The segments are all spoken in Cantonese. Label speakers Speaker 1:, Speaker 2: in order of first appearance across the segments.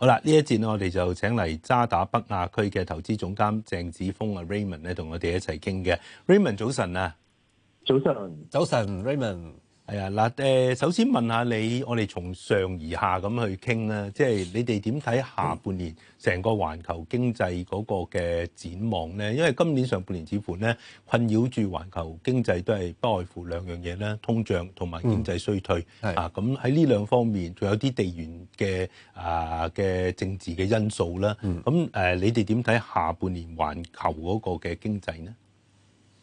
Speaker 1: 好啦，呢一節我哋就請嚟渣打北亞區嘅投資總監鄭子豐啊 Raymond 咧，同我哋一齊傾嘅。Raymond 早晨啊，早晨，早晨 Raymond。係啊，嗱，誒，首先問下你，我哋從上而下咁去傾啦，即係你哋點睇下半年成個環球經濟嗰個嘅展望咧？因為今年上半年似乎咧困擾住環球經濟都係不外乎兩樣嘢啦，通脹同埋經濟衰退。嗯、啊，咁喺呢兩方面仲有啲地緣嘅啊嘅政治嘅因素啦。咁誒，你哋點睇下半年環球嗰個嘅經濟呢？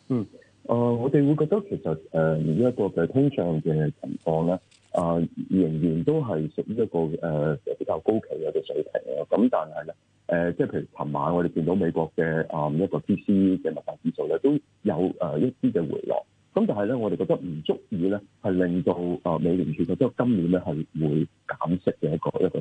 Speaker 1: 嗯。
Speaker 2: 誒、呃，我哋會覺得其實誒，呢、呃、一、這個嘅通脹嘅情況咧，啊、呃，仍然都係屬於一個誒、呃、比較高企嘅水平。咁但係咧，誒、呃，即係譬如琴晚我哋見到美國嘅誒一個 PCE 嘅物價指數咧，都有一啲嘅回落。咁但係咧，我哋覺得唔足以咧，係令到啊、呃、美聯儲覺得今年咧係會減息嘅一個一個。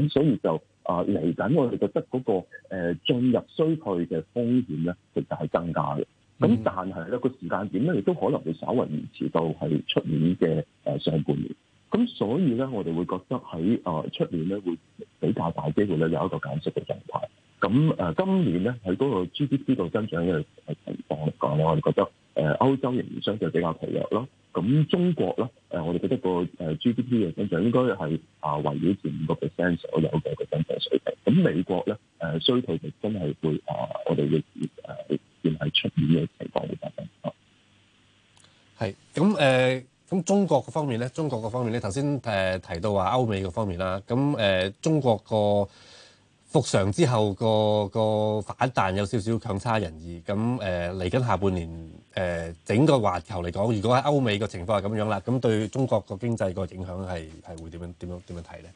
Speaker 2: 咁所以就啊，嚟、呃、緊我哋覺得嗰、那個進、呃、進入衰退嘅風險咧，其實係增加嘅。咁、嗯、但係咧，個時間點咧，亦都可能會稍為延遲到係出年嘅誒上半年。咁所以咧，我哋會覺得喺誒出年咧會比較大機會咧有一個減息嘅狀態。咁誒今年咧喺嗰個 GDP 度增長嘅情況嚟講，我哋覺得誒歐洲仍然相對比較疲弱咯。咁中國咧誒，我哋覺得個誒 GDP 嘅增長應該係啊圍繞前五個 percent 左右嘅增長水平。咁美國咧誒衰退亦真係會啊，我哋會誒。而
Speaker 3: 係出現嘅情況。咁咁、嗯呃、中國方面咧，中國嘅方面咧，頭先提到話歐美嘅方面啦，咁、呃、中國個復常之後，個個反彈有少少強差人意。咁嚟緊下半年、呃、整個環球嚟講，如果喺歐美嘅情況係咁樣啦，咁對中國個經濟個影響係係會點樣點樣點樣睇咧？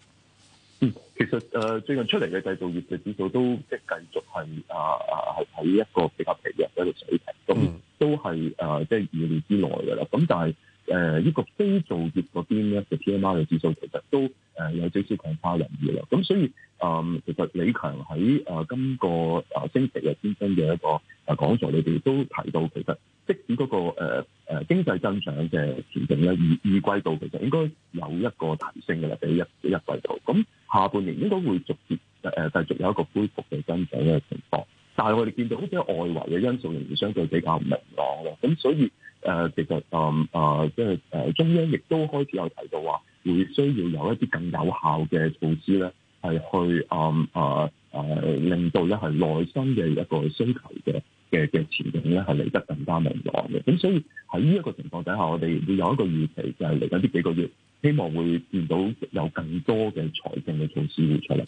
Speaker 3: 嗯，其實
Speaker 2: 誒、呃、最近出嚟嘅製造業嘅指數，都即係繼續係啊啊係喺一個比較疲弱嘅一個水平，咁、嗯、都係誒、呃、即係二年之內嘅啦，咁但誒、呃，依、這個非造業嗰邊咧嘅 PMI 嘅指數其實都誒、呃、有少少強差人意啦。咁所以，嗯、呃，其實李強喺誒今個誒星期日先生嘅一個誒講座裏邊都提到，其實即使嗰、那個誒誒、呃、經濟增長嘅前景咧，二二季度其實應該有一個提升嘅啦，比一一季度。咁下半年應該會逐漸誒繼續有一個恢復嘅增長嘅情況。但係我哋見到好似外圍嘅因素仍然相對比較明朗嘅，咁所以誒、呃，其實誒誒，即係誒中央亦都開始有提到話，會需要有一啲更有效嘅措施咧，係去誒誒誒，令到一係內心嘅一個需求嘅嘅嘅前景咧係嚟得更加明朗嘅。咁所以喺呢一個情況底下，我哋會有一個預期，就係嚟緊呢幾個月，希望會見到有更多嘅財政嘅措施會出嚟。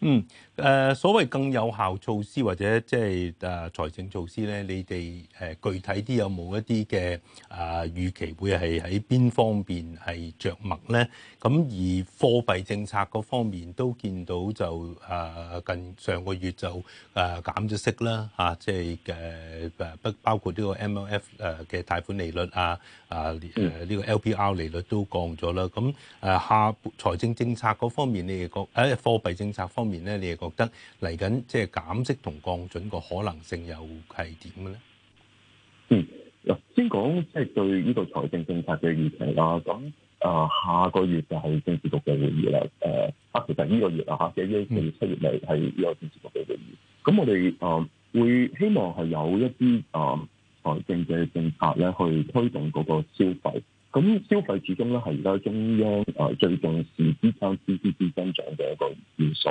Speaker 1: 嗯，誒所謂更有效措施或者即係誒財政措施咧，你哋誒具體啲有冇一啲嘅誒預期會係喺邊方面係着墨咧？咁而貨幣政策嗰方面都見到就誒近上個月就誒減咗息啦吓，即係誒誒不包括呢個 MLF 誒嘅貸款利率，嗯、啊啊誒呢個 LPR 利率都降咗啦。咁誒下財政政策嗰方面你哋覺誒貨幣政策方面？面咧，你又覺得嚟緊即係減息同降準個可能性又係點嘅咧？
Speaker 2: 嗯，嗱，先講即係對呢個財政政策嘅預期啦。咁啊、呃，下個月就係政治局嘅會議啦。誒，啊，其實呢個月啊嚇，即係呢個月七月嚟係呢個政治局嘅會議。咁我哋啊、呃、會希望係有一啲啊財政嘅政策咧，去推動嗰個消費。咁消費始終咧係而家中央啊、呃、最重視支撐 GDP 增長嘅一個要素。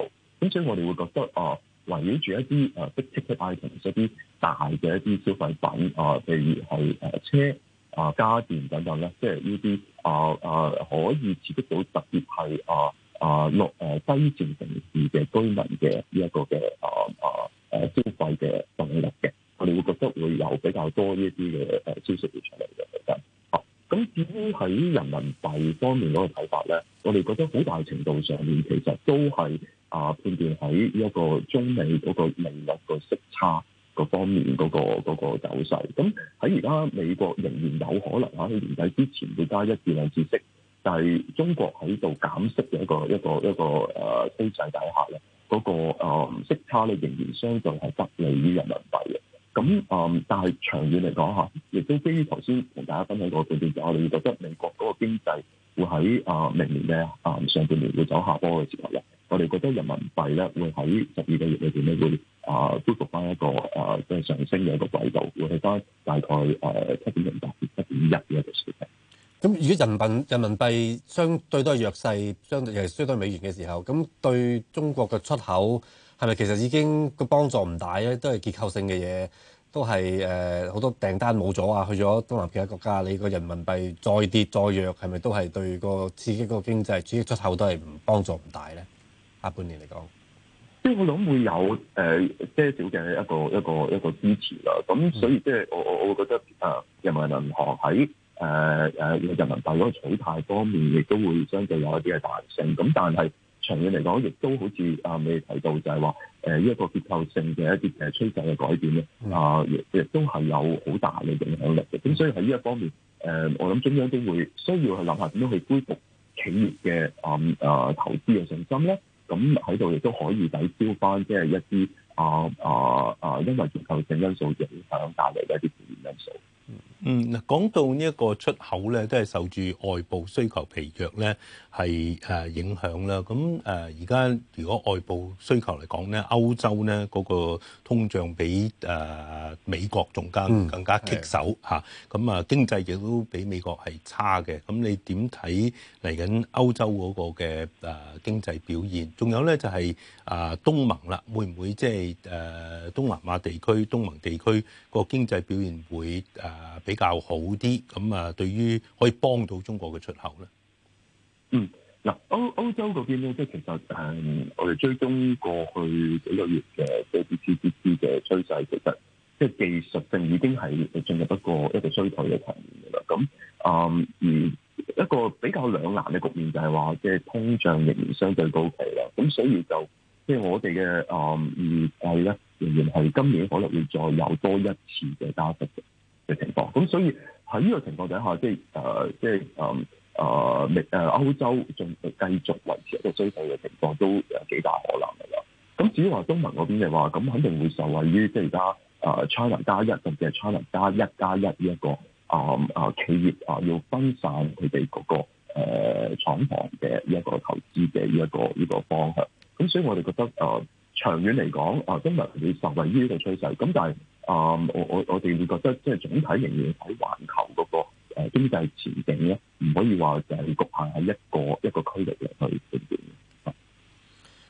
Speaker 2: 嗯、所以我哋會覺得啊，圍繞住一啲誒迫切嘅 item 一啲大嘅一啲消費品啊，譬如係誒、啊、車啊、家電等等咧，即係呢啲啊啊可以刺激到特別係啊啊落誒低線城市嘅居民嘅呢一個嘅啊啊誒消費嘅動力嘅。我哋會覺得會有比較多呢一啲嘅誒消息會出嚟嘅，咁啊。咁至於喺人民幣方面嗰個睇法咧，我哋覺得好大程度上面其實都係。啊、呃，判斷喺一個中美嗰個利率個息差嗰方面嗰、嗰個嗰、嗰個、走勢，咁喺而家美國仍然有可能喺、啊、年底之前會加一至兩次息，但係中國喺度減息嘅一個一個一個誒經濟底下咧，嗰個息差咧仍然相對係不利於人民幣嘅。咁誒、呃，但係長遠嚟講下亦都基於頭先同大家分享過嗰啲嘢，我哋、就是啊、覺得美國嗰個經濟會喺誒、呃、明年嘅、呃、上半年會走下坡嘅節奏嘅。我哋覺得人民幣咧會喺十二個月裏邊咧會啊恢復翻一個啊即係上升嘅一個軌道，會去翻大概誒七點零八至七點一嘅水
Speaker 3: 平。咁如果人民人民幣相對都係弱勢，相對係相對美元嘅時候，咁對中國嘅出口係咪其實已經個幫助唔大咧？都係結構性嘅嘢，都係誒好多訂單冇咗啊，去咗東南其他國家。你個人民幣再跌再弱，係咪都係對個刺激個經濟、刺激出口都係唔幫助唔大咧？下半年嚟
Speaker 2: 講，即係我諗會有誒，些少、呃、嘅一個一個一個支持啦。咁所以即係我我我覺得誒，人民銀行喺誒誒人民幣嗰個取態方面，亦都會相對有一啲嘅彈性。咁但係長遠嚟講，亦都好似阿、啊、提到就，就係話誒，呢一個結構性嘅一啲誒趨勢嘅改變咧，嗯、啊亦亦都係有好大嘅影響力嘅。咁所以喺呢一方面，誒、呃、我諗中央都會需要去諗下點樣去恢復企業嘅、嗯、啊投資嘅信心咧。咁喺度亦都可以抵消翻，即係一啲啊啊啊，因為結構性因素影響帶嚟嘅一啲負面因素。嗯，嗱，講到呢一個出口咧，都係受住
Speaker 1: 外部需求疲弱咧，係影響啦。咁而家如果外部需求嚟講咧，歐洲咧嗰個通脹比誒美國仲加更加棘手嚇咁、嗯、啊，經濟亦都比美國係差嘅。咁你點睇嚟緊歐洲嗰個嘅誒經濟表現？仲有咧就係啊，東盟啦，會唔會即係誒東南亞地區、東盟地區個經濟表現會誒？啊，比較好啲咁啊，對於可以幫到中國嘅出口咧。嗯，嗱，歐歐洲嗰邊咧，即係其實誒，
Speaker 2: 我哋追蹤過去幾個月嘅 GDP、GDP 嘅趨勢，其實即係技術性已經係進入一個一個衰退嘅階段，㗎啦。咁、嗯、啊，而一個比較兩難嘅局面就係話，即係通脹仍然相對高企啦。咁所以就即係我哋嘅啊，預計咧仍然係今年可能會再有多一次嘅加息嘅嘅情況，咁所以喺呢個情況底下，即係誒、呃，即係誒誒誒歐洲仲繼續維持一個衰勢嘅情況，都有幾大可能㗎。咁至於話東盟嗰邊嘅話，咁肯定會受惠於即係而家誒 China 加一、這個，甚至係 China 加一加一呢一個啊啊企業啊，要分散佢哋嗰個誒廠房嘅呢一個投資嘅呢一個呢、這個方向。咁所以我哋覺得誒、呃、長遠嚟講，啊東盟會受惠於呢個趨勢。咁但係，啊、um，我我我哋會覺得即係總體仍然喺環球嗰個誒經濟前景咧，唔可以話就係局限喺一個一個區域嚟去判斷。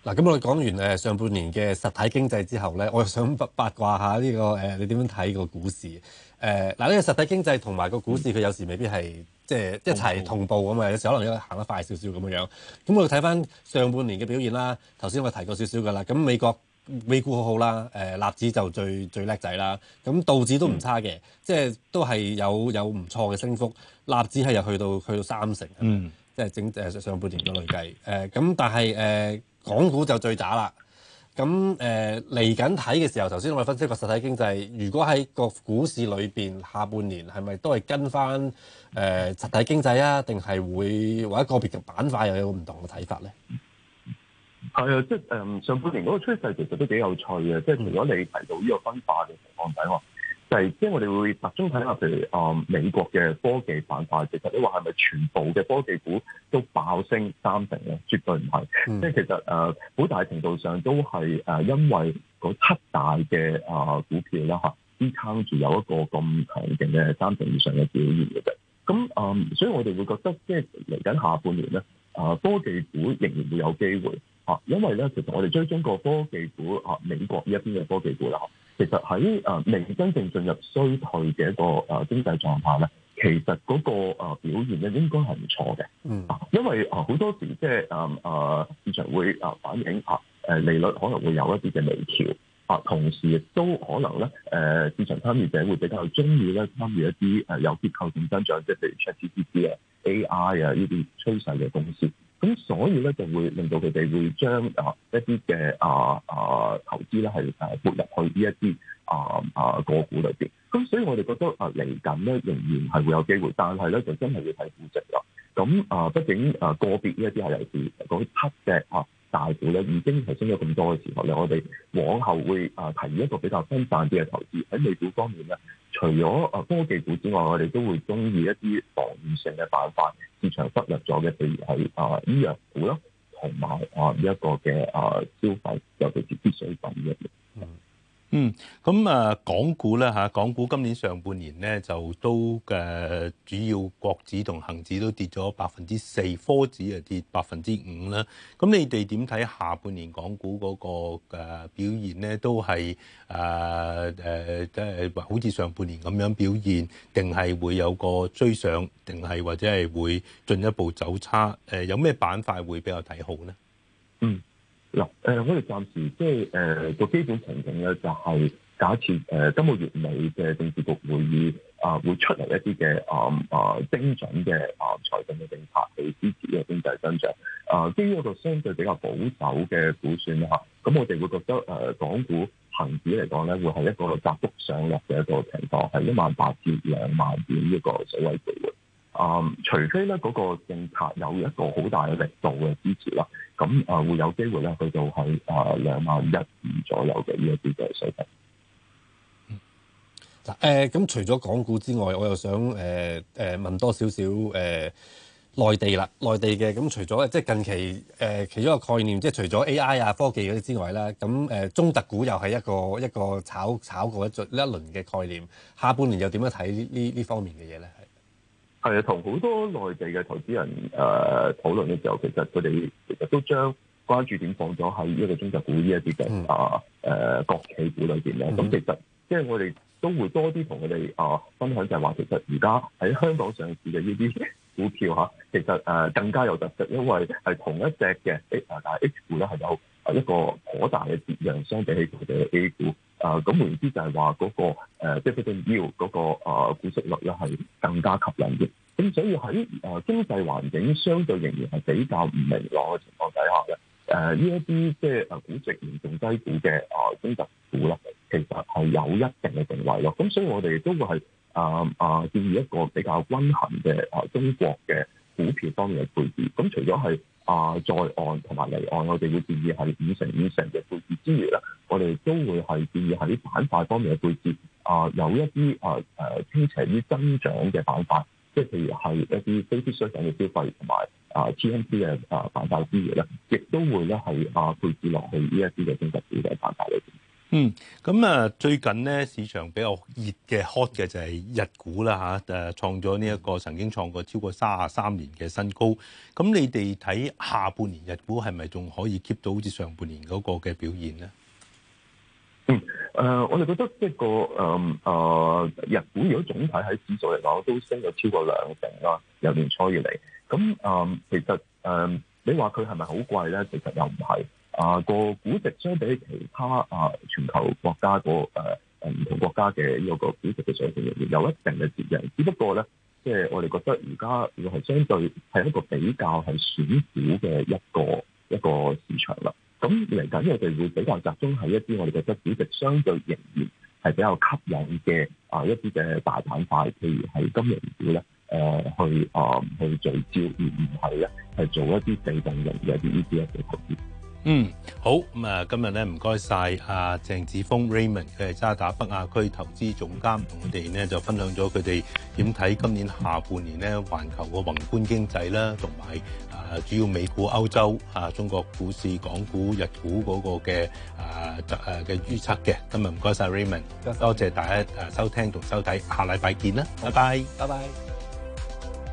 Speaker 3: 嗱，咁我哋講完誒上半年嘅實體經濟之後咧，我又想八卦一下呢、這個誒你點樣睇個股市？誒、呃、嗱、呢、這個實體經濟同埋個股市，佢、嗯、有時未必係即係一齊同步咁嘛，有時可能呢個行得快少少咁樣。咁我哋睇翻上半年嘅表現啦，頭先我提過少少噶啦。咁美國。美股好好啦，立、呃、納指就最最叻仔啦，咁道指都唔差嘅、嗯，即係都係有有唔錯嘅升幅，納指係又去到去到三成，嗯、即係整上半年嘅累計。咁、呃、但係、呃、港股就最渣啦，咁嚟緊睇嘅時候，頭先我哋分析個實體經濟，如果喺個股市裏面，下半年係咪都係跟翻、呃、實體經濟啊？定係會或者個別嘅板塊又有唔同嘅睇法咧？係啊，即
Speaker 2: 係誒上半年嗰個趨勢其實都幾有趣嘅，即係如果你提到呢個分化嘅情況底下，就係即係我哋會集中睇下，譬如誒美國嘅科技板塊，其實你話係咪全部嘅科技股都爆升三成咧？絕對唔係，即、嗯、係其實誒好大程度上都係誒因為嗰七大嘅誒股票咧嚇支撐住有一個咁強勁嘅三成以上嘅表現嘅啫。咁誒，所以我哋會覺得即係嚟緊下半年咧。啊，科技股仍然會有機會啊，因為咧，其實我哋追蹤過科技股啊，美國呢一邊嘅科技股啦、啊，其實喺啊未真正進入衰退嘅一個啊經濟狀態咧，其實嗰、嗰個、啊、表現咧應該係唔錯嘅，嗯，因為啊好多時即係啊啊市場會啊反映啊誒利率可能會有一啲嘅微調啊，同時亦都可能咧誒、啊、市場參與者會比較中意咧參與一啲誒有結構性增長，即係譬如 ChatGPT 啊。A.I. 啊呢啲趨勢嘅公司，咁所以咧就會令到佢哋會將一啊一啲嘅啊啊投資咧係誒撥入去呢一啲啊啊個股裏邊。咁所以我哋覺得啊嚟緊咧仍然係會有機會，但係咧就真係會睇估值啦。咁啊，畢竟啊個別呢一啲尤其係嗰七隻啊大股咧已經提升咗咁多嘅時候，我哋往後會啊提一個比較分散啲嘅投資喺美股方面咧。除咗啊科技股之外，我哋都會鍾意一啲防禦性嘅板塊，市場忽略咗嘅，譬如係啊醫藥股咯，同埋啊一個嘅啊消費，尤其是必需品嘅。嗯，咁啊，港股咧
Speaker 1: 嚇，港股今年上半年咧就都主要國指同恒指都跌咗百分之四，科指啊跌百分之五啦。咁你哋點睇下半年港股嗰個誒表現咧？都係誒誒即係好似上半年咁樣表現，定係會有個追上，定係或者係會進一步走差？誒，有咩板塊會比較睇好咧？嗯。嗱，
Speaker 2: 誒，我哋暫時即係誒個基本情景咧，就係、是、假設誒、呃、今個月尾嘅政治局會議啊、呃，會出嚟一啲嘅啊啊，精準嘅啊財政嘅政策嚟支持嘅經濟增長。啊、呃，基於一個相對比較保守嘅估算啦，咁、啊、我哋會覺得誒、呃、港股恒指嚟講咧，會係一個集中上落嘅一個情況，喺一萬八至兩萬點呢一個水位度啊，除非咧嗰、那個政策有一個好大嘅力度嘅支持啦。咁啊，會有機會咧，去到係啊兩萬一二左右嘅呢一啲
Speaker 3: 嘅水平、嗯。嗱、呃，咁除咗港股之外，我又想誒誒、呃呃、問多少少誒內、呃、地啦，內地嘅咁除咗即係近期誒、呃、其中一個概念，即係除咗 AI 啊科技嗰啲之外咧，咁、呃、中特股又係一個一個炒炒過一一輪嘅概念，下半年又點樣睇呢呢呢方面嘅嘢咧？
Speaker 2: 係啊，同好多內地嘅投資人誒、呃、討論嘅時候，其實佢哋其實都將關注點放咗喺呢一個中集股呢一啲嘅啊誒、呃、國企股裏邊咧。咁、嗯、其實即係我哋都會多啲同佢哋啊分享就是說，就係話其實而家喺香港上市嘅呢啲股票嚇、啊，其實誒、啊、更加有特色，因為係同一隻嘅 A 啊，但係 H 股咧係有一個頗大嘅折讓，相比起佢哋嘅 A 股。誒、啊、咁，無疑之就係話嗰個即係佢哋要嗰個、uh, 股息率又係更加吸引嘅。咁所以喺誒、uh, 經濟環境相對仍然係比較唔明朗嘅情況底下咧，呢一啲即係誒估值嚴重低估嘅誒中特股啦，其實係有一定嘅定位咯。咁所以我哋都會係啊建議一個比較均衡嘅中國嘅股票方面嘅配置。咁除咗係啊在岸同埋離岸，我哋會建議係五成以上嘅配置之餘啦。我哋都會係建議喺板塊方面嘅配置啊，有一啲啊誒傾斜於增長嘅板塊，即係譬如係一啲非必需品嘅消費同埋啊 TMT 嘅啊板塊之餘咧，亦都會咧係啊配置落去呢一啲嘅政策支持板塊裏邊。嗯，咁啊，最近咧市場比較
Speaker 1: 熱嘅 hot 嘅就係日股啦吓，誒創咗呢一個曾經創過超過三啊三十三年嘅新高。咁你哋睇下半年日股係咪仲可以 keep 到好似上半年
Speaker 2: 嗰個嘅表現咧？嗯，誒、呃，我哋覺得即、這、係個誒誒日股，如果總體喺指數嚟講，都升咗超過兩成啦，由年初以嚟。咁誒、嗯，其實誒、嗯，你話佢係咪好貴咧？其實又唔係。啊、呃，這個估值相比其他啊、呃、全球國家個誒誒唔同國家嘅有個估值嘅水平而言，有一定嘅折讓。只不過咧，即、就、係、是、我哋覺得而家如果係相對係一個比較係選股嘅一個一個市場啦。咁嚟緊我哋會比較集中喺一啲我哋嘅估值，相對仍然係比較吸引嘅啊一啲嘅大板塊，譬如係金融股呢，咧，誒去啊去聚焦，而唔係咧係做一啲被動型嘅一啲呢啲一嘅投資。嗯。好
Speaker 1: 咁啊！今日咧，唔該晒阿鄭子豐 Raymond，佢係渣打北亞區投資總監，同我哋咧就分享咗佢哋點睇今年下半年咧環球個宏觀經濟啦，同埋啊主要美股、歐洲啊中國股市、港股、日股嗰個嘅啊誒嘅預測嘅。今日唔該晒 Raymond，多謝大家誒收聽同收睇，下禮拜見啦，拜拜，
Speaker 3: 拜拜。